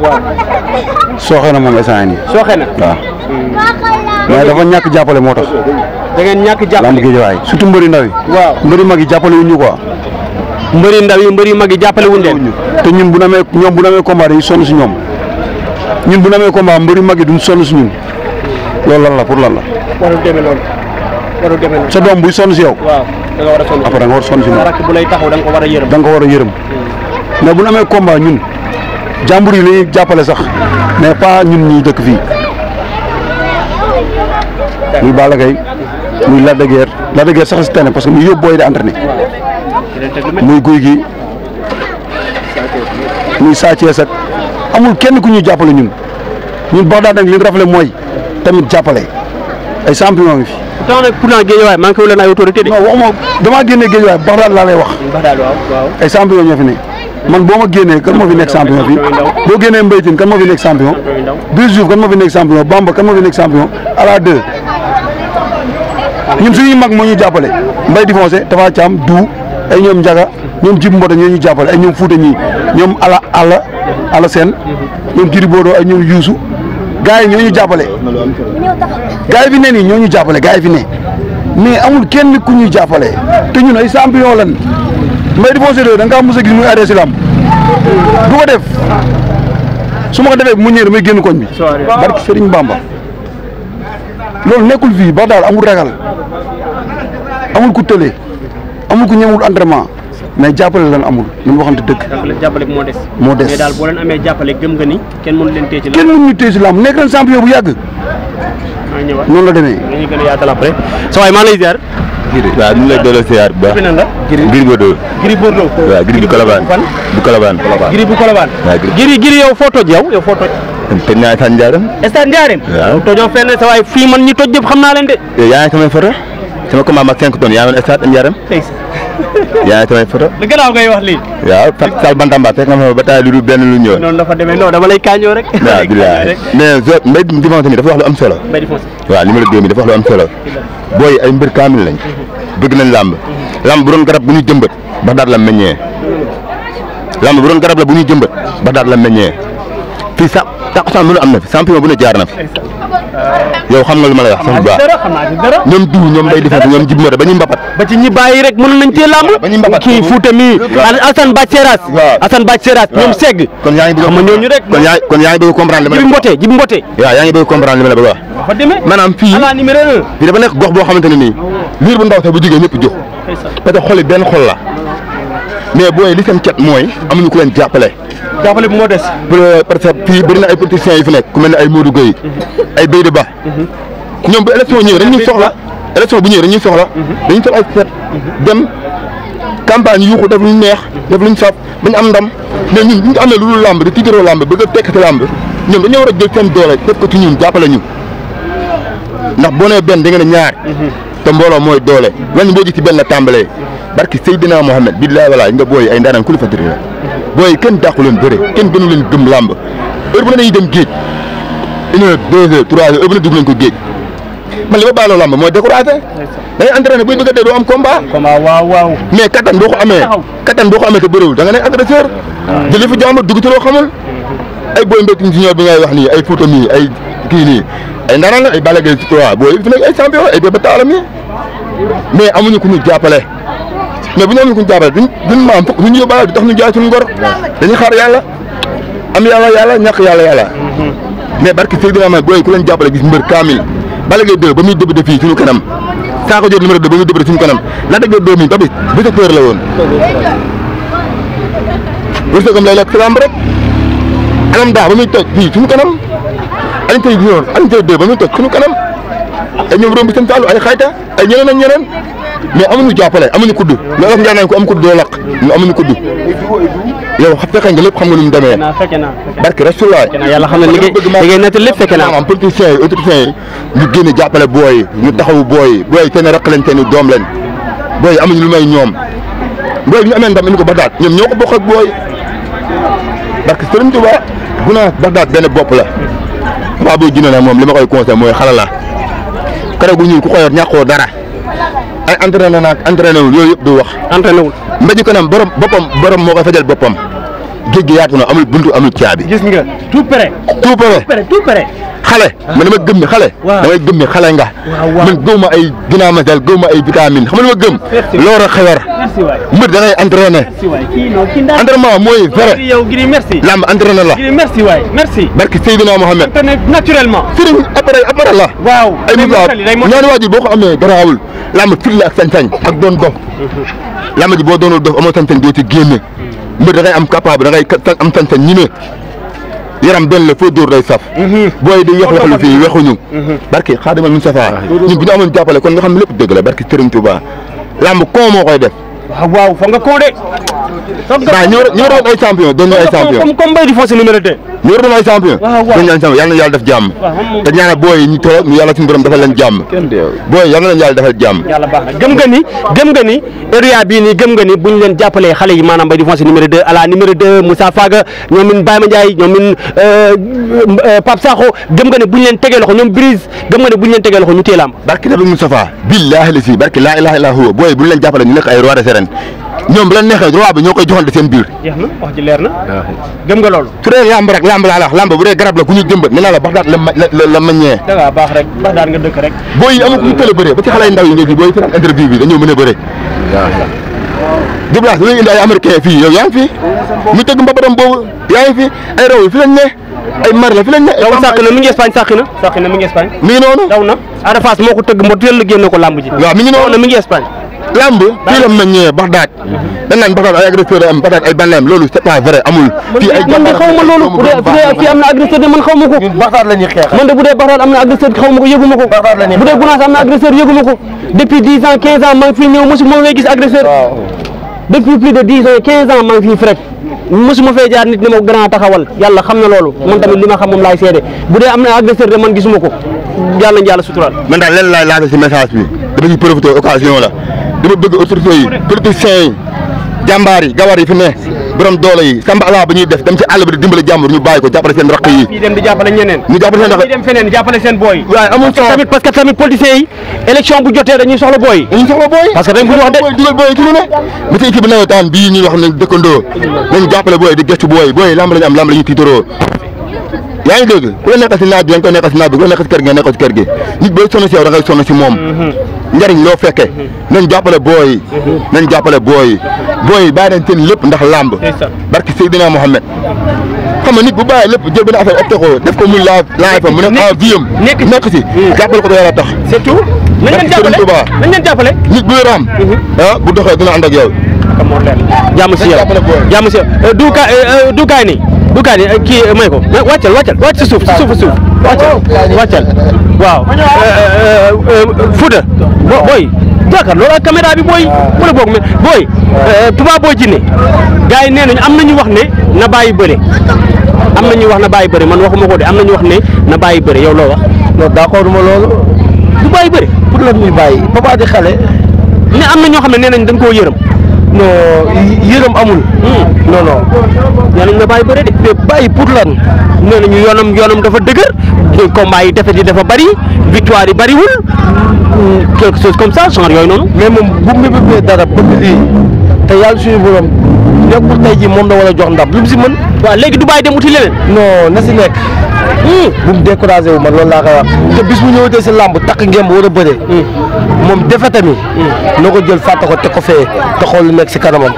sooxe na moom instant nii sooxe na waaw japa dafa ñàkk jàppale moo tax da ngeen ñàkk jàppale lamb géejawaay japa mbëri ndaw yi waaw mbëri magi yi jàppale wuñu quoi mbëri ndaw yi mbëri mag yi jàppale wuñu leen te ñun bu ñu amee ñoom bu ñu amee combat dañuy sonn si ñoom ñun bu ñu amee combat mbëri mag yi duñ sonn si ñun loolu lan la pour lan la warul demee loolu warul demee loolu sa doom buy sonn si yow waaw da nga war a après da nga war a sonn si moom bu lay taxaw da nga ko war a da nga ko war mais bu ñu combat ñun jàmbur yi la jàppale sax mais pas ñun ñuy dëkk fi muy Balla Gaye muy Lac de Guiers Lac de Guiers sax si tane parce que muy yóbbu booy di entraîné muy guy gi muy Sa Thiès ak amul kenn ku ñu jàppale ñun ñun boo daan li ñu rafetlu mooy tamit jàppale ay champion ngi fi. pourtant nag pourtant Guédiawaye manqué wu wax. Baxdaad waaw waaw. ñoo fi ne. man boo ma génnee kan moo fi nekk champion boo génnee mbaytin kan moo fi nekk champion biir Diouf kan moo fi nekk champion Bamba kan moo fi nekk champion ala deux ñun suñuy mag moo ñu jàppale mbay di foncé dafa caam du ay ñoom njaga ñoom jib mboto ñoo ñu jàppale ay ñoom fuuta ñii ñoom ala ala ala seen ñoom jiri boodoo ay ñoom yuusu gars yi ñoo ñu jàppale gars yi fi ne nii ñoo ñu jàppale gars yi fi ne mais amul kenn ku ñuy jàppale te ñun ay champion lan may di bossé do da nga kaa mos gis muy adé si du ko def suma ko defé mu ñëw may gën koñ bi. barki Serigne Bamba lool nekul fii ba dal amul ragal amul ku télé amul ku ñemewul entraînement mais jappalé lan amul nañu waxante dëgg. jappalé mo dess mo dess mais dal bo len amé jappalé gëm nga ni kèn mënu len téye ci lamb. kenn mënu ñu téye ci lamb nekk nañ champion bu yagg non la démé ñu ngi gën a yaatal après. sa waay maa lay ziar. Gris waaw ñu ngi lay delloo siyaar bu baax. Gris Bordeaux. Gris Bordeaux. waaw Gris bu Colobane. bu Colobane. Gris bu Colobane. waaw Gris Gris yow foo toj yow yow foo toj. toj naa Sane Ndiarème. Sane man ñi toj yëpp xam naa leen de. yaa ngi samay photo sama combat ma 5 tonnes yaa ngi doon stade Ndiarème. yaa ngi samay photo. lu gannaaw ngay wax lii. waaw Sall Bantamba fekk nga fa ba taay lu dul benn lu ñëw. noonu la fa demee non dama lay kaañoo rek. waaw bilaay di fonce mi dafa wax lu am solo. mbay di fonce waaw numéro 2 mi dafa wax lu am solo. booy ay mbir kaamil lañ. bëgg nañ làmb. làmb bu doon garab bu ñuy jëmbat ba daat la meññee. làmb bu garab la bu ñuy jëmbat ba daat la meññee fii sax taxu sax mënu am na fi champion bu ne jaar na fi. yow xam nga lu ma lay ñoom diw ñoom bay defee ñoom jib mata ba ñu mbapat ba ci ñi bàyyi rek mënu nañ cee làmb kii Fouta mii Assane Bathie Seras Assane Bathie ñoom segg kon yaa kon yaa kon yaa ngi bëgg comprendre li mbote jibi mbote waaw yaa ngi bëgg comprendre li ma lay fii fii dafa nekk gox boo xamante ne nii liir bu ndaw sax bu jógee ñëpp jóg parce que benn xol la mais booy li seen cat mooy amuñu ku leen jàppale. jàppale bu moo des. Euh, parce que fii bëri na ay politiciens yu fi nekk ku mel ne ay Modou Gueye ay Béyda Ba. ñoom bu élection ñëwee dañuy soxla élection bu ñëwee dañuy soxla. dañuy soxla ay set dem campagne yuuxu def luñ neex def luñ saf bañ am ndam mais ñun ñu amee lu dul làmb di tiitaroo làmb bëgg a tekkati làmb ñoom dañoo war a jël seen doole def ko ci ñun jàppale ñu ndax boo nee benn da nga ne ñaar. te mbooloo mooy doole wàññi boo gis ci benn tàmbalee barki Seydina Mohamed billaay walaay nga booy ay ndaanaan ku la fa diri la booy kenn dàqu leen bëre kenn gënu leen gëm làmb heure bu ne dañuy dem géej une heure deux heures trois heures heure ko géej man li ma baaloo mooy découragé. da ngay entraîné buy bëgg a dee doo am combat. combat waaw waaw. mais boo ko amee katan boo ko amee te bëriwul da nga nekk agresseur. waaw jëlee fi jàmbur dugg ci mhm. ay booy mbéyum junior bi ngay wax nii ay photo ay kii nii ay ndaral ay Balla Gaye 3 boo fi nekk ay champion ay Bébé Taala mi mais amuñu ku ñu jàppale mais bu ñu amuñu ku ñu jàppale duñ duñ maam fukk duñ yóbbaale du tax ñu jaay suñu ngor dañuy xaar yàlla am yàlla yàlla ñàkk yàlla yàlla mais barki sëriñ dina ma booy ku leen jàppale gis mbër kaamil Balla Gaye 2 ba muy dëbb fii suñu kanam saako jot numéro 2 ba muy dëbb de suñu kanam la dëgg de 2000 ba bi bi sa peur la woon wërsëgam lay lekk si lamb rek anam daa ba Alioune Seye noonu Alioune Seye 2 ba muy toog suñu kanam ay mais amuñu jàppale amuñu kudd loolu am naan ko am kudd doo laq ñu amuñu kudd yow xam fekkee nga lépp xam nga demee barke rasulilah yàlla xam ne liggéey natt lépp am politiciens yi autorités yi jàppale booy ñu taxawu booy booy seen raq leen seen doom leen booy amuñu lu may ñoom booy ñu amee ndam indi ko Bagdad ñoom ñoo ko bokk ak booy barke Sëriñ Tuubaa Gunaas Bagdad benn bopp la Papa Boy Djiné nag moom li ma koy conseillé mooy xala la keroog bu ñuul ku xoyoot ñàkkoo dara ay entraîné naag entraîné wul yooyu yëpp du wax. entraîné wul mbéju kanam borom boppam borom moo koy fajal boppam. géej gi yaatu na amul buntu amul caabi. gis nga tout prêt. tout prêt tout prêt. xale man dama gëm ne xale. waaw damay gëm ne xale nga. man gëw ma ay ginnaaw ma dal gëw ma ay vitamine xam nga dama gëm. merci loolu rek xewar. merci waay mbir da ngay entraîné. merci waay kii non kii ndax. entraînement mooy vrai. yow giri merci. lamb entraîné la. giri merci waay merci. barke Seydina Mohamed. naturellement. sëriñ appareil appareil la. waaw ay mën ñaari waajur boo ko amee garaawul. lamb fit la ak sañ-sañ. ak doon dof. lamb ji boo doonul dof amoo sañ-sañ doo ci génne mbir da ngay am capable da ngay am sañ-sañ yaram ben la fo dóor day saf boy di wex wexlu fii wexuñu barki khadim al Mustafa ñu bu ñu amoon jàppale kon nga xam lépp deug la barki Sëriñ touba lamb ko mo koy def waaw waaw fa nga ko de. ba ñoo ñoo doon ay champion do ñu ay champion comme comme bay di fossé numéro 2 ñu war doon ay champion dañ ñaan champion yàlla na yàlla def jàmm te ñaanal booy ñu toog mu yàlla suñu borom defal leen jàmm booy yàlla na leen yàlla defal jàmm yàlla baax na gëm nga ni gëm nga bii gëm nga ni buñ leen jàppalee xale yi maanaam bay di foncé numéro 2 à la numéro 2 Moussa Faga ñoom min Baye Mandiaye ñoom min euh, euh, Pape Sakho gëm nga ni buñ leen tegee loxo ñoom Brise gëm nga ni la booy buñ leen jàppale ñu nekk ay ñoom bu leen neexee roi bi ñoo koy joxante seen na wax na. Ah. gëm nga loolu. su dee làmb rek làmb laa bu dee garab la ku ñu jëmbat nee naa la bax daat la ma la la maññee. da ngaa baax rek bax daat nga dëkk rek. booy yi amul ku ñu ba ci xale yu ndaw yi nga ji booy interview bi dañoo mën a bëree. Djiblage dañuy indi ay américain fii yow fi ñu tëgg mbabaram boobu yaa fi ay raw fi lañ ne ay mar la fi lañ ne. yow ngi Espagne sàq ngi noonu daw na. ko tëgg lamb fii la mu ñëwee bax daaj mhm. dañ naan bax daaj ay agresseur am bax ay bànneem loolu c'est pas vrai amul. fii ay man de xaw ma loolu bu dee fii am na de man xaw ma bu dee gunaas am na agresseur yëgu depuis dix ans quinze ans maa ngi fi fee gis agresseur. depuis plus de dix ans quinze ans maa ngi fi fee jaar nit ni ma grand taxawal yàlla xam na loolu. man tamit li ma xam moom laay seede bu dee am na agresseur de man dama bëgg autorités yi politiciens yi jàmbaar yi gawar yi doole samba ala ba ñuy def dem ci àll bi dimbale jàmbur ñu bàyyi ko jàppale seen rakk yi ñu dem di jàppale ñeneen ñu jàppale dem feneen jàppale seen booy waaye amul solo tamit parce que tamit politiciens bu jotee dañuy soxla booy dañuy soxla booy parce que dañ ko ba ci équipe nawetaan bii ñuy wax ne dëkkandoo dañ jàppale booy di gëstu booy booy lamb lañu am lamb lañu tiitaroo yaa ngi ku la nekkal si naaj ku la nekkal da ngay njëriñ loo fekkee mhm. nañ jàppale booy yi mhm. nañ jàppale booy yi booy yi bàyyi nañ seen lépp ndax làmb barki Seydina Mohamed xam nga nit bu bàyyi lépp jël benn affaire opté ko def ko muy laa laay fa mu ne en vie am nekk si ah hmm. jàppale ko da yàlla tax surtout nañ leen jàppale nañ leen jàppale nit buy raam mhm. ah bu doxee dina ànd ak yow jàmm si yow jàmm si yow euh, duukaay euh, euh, duukaay nii du kaani eh, kii eh, may ko wàccal wàccal wàcc si suuf si suuf si suuf wàccal waaw eh, Fouta booy jaakaar loolu ak caméra bi booy wala boog mais booy tubaab boo jinne gars yi nee nañu am na nañu wax ne na bàyyi bëre am na ñu wax na bàyyi bëre man waxuma ko de am na nañu wax ne na bàyyi bëre yow loo wax non d'accord ma loolu du bàyyi bëre pour lan ñuy bàyyi papa xale ne am na ñoo xam ne nee nañ dañ koo yërëm non yërëm amul. Hmm. non non. nee nañ la bàyyi bëre de. mais bàyyi pour lan nee nañu yoonam yoonam dafa dëgër combat yi defet yi dafa bari victoire yi bariwul hmm, quelque chose comme ça genre yooyu noonu. mais moom bu mu dara bëgg lii te yàlla suñu borom. nekkul tey jii moom la war a jox ndab lu mu si mën. waaw léegi du bàyyi dem uti leneen. non na si nekk. Hmm. bu mu découragé wu man loolu laa koy wax. Hmm. te bis bu ñëwatee si làmb takk ngemb war a bëre hmm. moom defete mi. noo ko jël fàtte ko te ko fee te xool lu nekk si kanamam.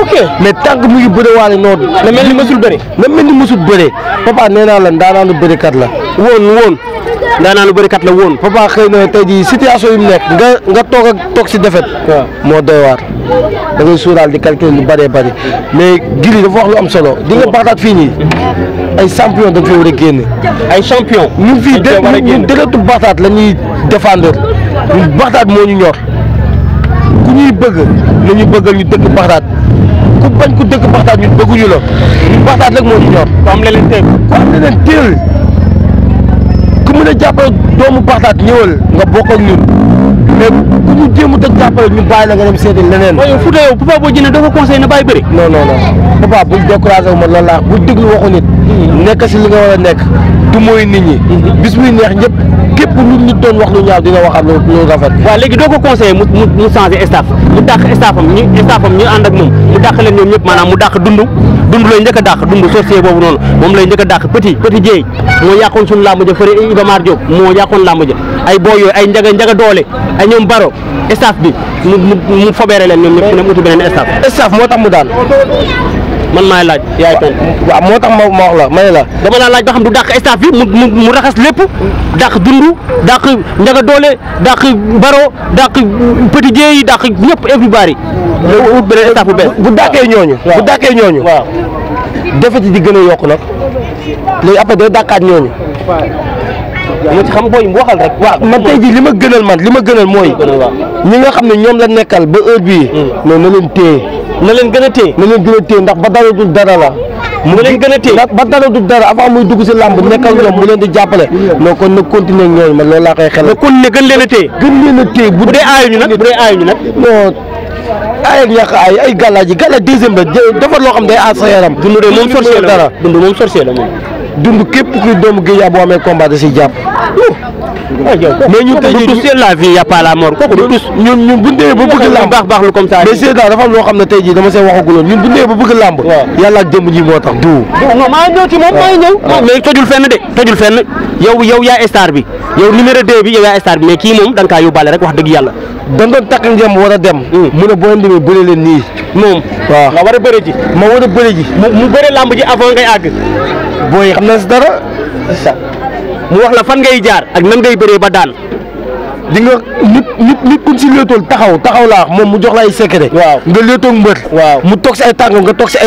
ok mais tànk mu ngi bëre waale noonu. na mel ni mësul bëre. na mel ni mësul bëre papa nee naa la ndaanaanu bërekat la woon woon. ndaanaan lu bëri kat la woon. papa xëy na tey jii situation yi mu nekk nga nga toog ak toog si defet moo doy waar da ngay suuraal di calcul lu bëree bëri mais Gris dafa wax lu am solo di nga baxtaat fii nii ay champion dañ fi war a génn. ay champion ñun fii dé ñun dërëtu baxtaat la ñuy défendre ñun baxtaat moo ñu ñor ku ñuy bëgg la ñu ñu dëkk baxtaat ku bañ ku dëkk baxtaat ñun bëgguñu la ñun baxtaat rek moo ñu ñor. ku am leneen teel teel. mën a jàpp doomu Baxdaad ñëwal nga bokk ak ñun. mais bu ñu jéem a tëj jàppale ñu bàyyi la nga dem seeti leneen. waaye yow Fouta yow Papa Boy Djiné dafa conseillé na bàyyi bëri. non non non Papa bul découragé wu ma loolu laa bul déglu waxu nit. nekk si li nga war a nekk. du nit ñi. bis muy neex ñëpp képp lu nit doon wax lu ñaaw dina waxal lu lu rafet. waaw léegi doo ko conseillé mu mu mu changé staff mu dàq staffam ñu staffam ñu ànd ak moom mu dàq leen ñoom ñëpp maanaam mu dàq dund. dund lay njëkk a dàq dund sorcier boobu noonu moom lay njëkk a dàq petit petit jéey moo yàqoon suñu làmb ja fëre Iba Mar moo yàqoon làmb ja ay booy yooyu ay ñoom baro staff bi mu mu mu fobeere leen ñoom ñëpp ne uti beneen staff. staff moo tax mu daan. man maay laaj yaay tontu waaw moo tax ma ma wax la ma ne la dama laa laaj ba xam du dàq staff bi mu mu raxas lépp dàq dundu daq njaga doole daq baro dàq daq jee yi dàq ñëpp everybody wut beneen staff bu bees bu dàqee ñooñu bu dàqee ñooñu waaw defet di gën a yokk nag léegi après day dàqaat ñooñu ma ci xam booy mu waxal rek. waaw man tey jii li ma gënal man li ma gënal mooy. ñi nga xam ne ñoom la nekkal ba heure bii. mais hmm. na leen téye. na leen gën a téye. na leen gën a téye ndax ba dara dul dara la. mu leen gën a téye ba dara du dara avant muy dugg si làmb nekkal ñoom mu leen di jàppale non ko na continuer ñooñu man loolu laa koy na continuer gën leen a téye. gën leena te téye bu dee aayu ñu na bu dee aayu ñu nag. non aayal ñàkk aay ay gàllaaj yi gàllaaj deuxième la defar xam day aar sa yaram. dund de moom sorcier la dund képp kuy doomu Guédiawaye boo amee combat si jàpp. mais ñun tey jii c'est la vie y a pas la mort kooku du ñu demee ba bëgg làmb baax baax lu comme ça mais c'est daal dafa loo xam ne tey jii dama see waxaguloon ñun bu ñu demee ba bëgg làmb yàlla ak ji moo tax du mais tojul fenn de tojul fenn yow yow yaa star bi yow numéro 2 bi yow yaa star bi mais kii moom da nga kaa yóbbaale rek wax dëgg yàlla dan doon takk ngeen war a dem hmm. mu ne nii moom waaw nga war a bëri ji a bëri ji mu bëri làmb ji avant ngay booy xam na si dara mu wax la fan ngay jaar ak nan ngay bëree ba daan di nga nit nit nit ku si léetool taxaw taxaw laa moom mu jox la ay secret waaw nga léetoog mbër waaw mu toog si ay tànk nga toog si ay